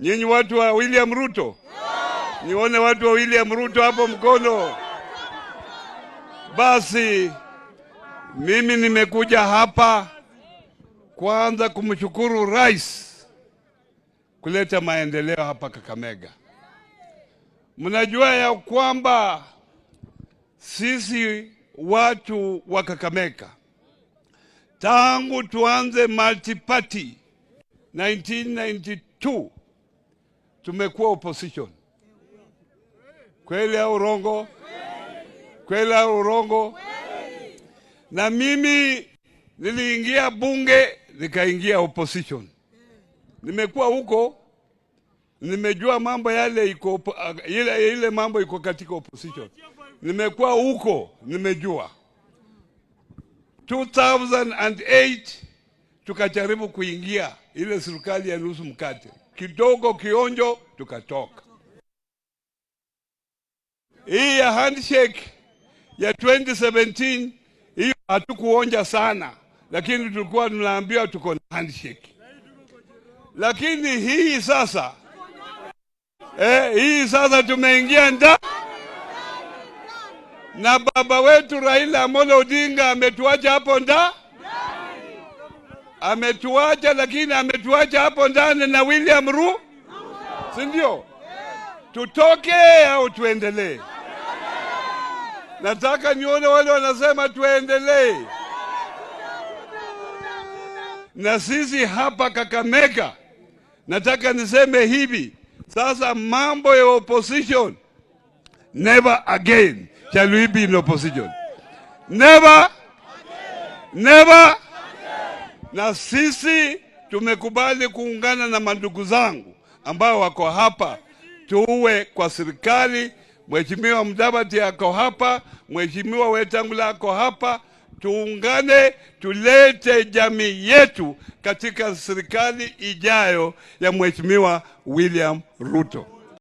Nyinyi watu wa William Ruto, nione watu wa William Ruto hapo mkono. Basi mimi nimekuja hapa kwanza kumshukuru rais kuleta maendeleo hapa Kakamega. Mnajua ya kwamba sisi watu wa Kakamega tangu tuanze multi party 1992 tumekuwa opposition kweli au urongo? Kweli au urongo? Na mimi niliingia bunge nikaingia opposition, nimekuwa huko, nimejua mambo yale iko ile, ile mambo iko katika opposition. Nimekuwa huko, nimejua 2008 tukajaribu kuingia ile serikali ya nusu mkate kidogo kionjo, tukatoka. Hii ya handshake ya 2017 hiyo hatukuonja sana, lakini tulikuwa tunaambiwa tuko na handshake. Lakini hii sasa eh, hii sasa tumeingia ndani na baba wetu Raila Amolo Odinga ametuacha hapo nda ametuacha, lakini ametuacha hapo ndani na William Ru, si ndio? Tutoke au tuendelee? Nataka nione wale wanasema tuendelee. Na sisi hapa Kakamega, nataka niseme hivi sasa, mambo ya opposition, never again shall we be in opposition, never, never na sisi tumekubali kuungana na mandugu zangu ambao wako hapa, tuwe kwa serikali. Mheshimiwa mdabati ako hapa, Mheshimiwa Wetangula ako hapa. Tuungane, tulete jamii yetu katika serikali ijayo ya Mheshimiwa William Ruto.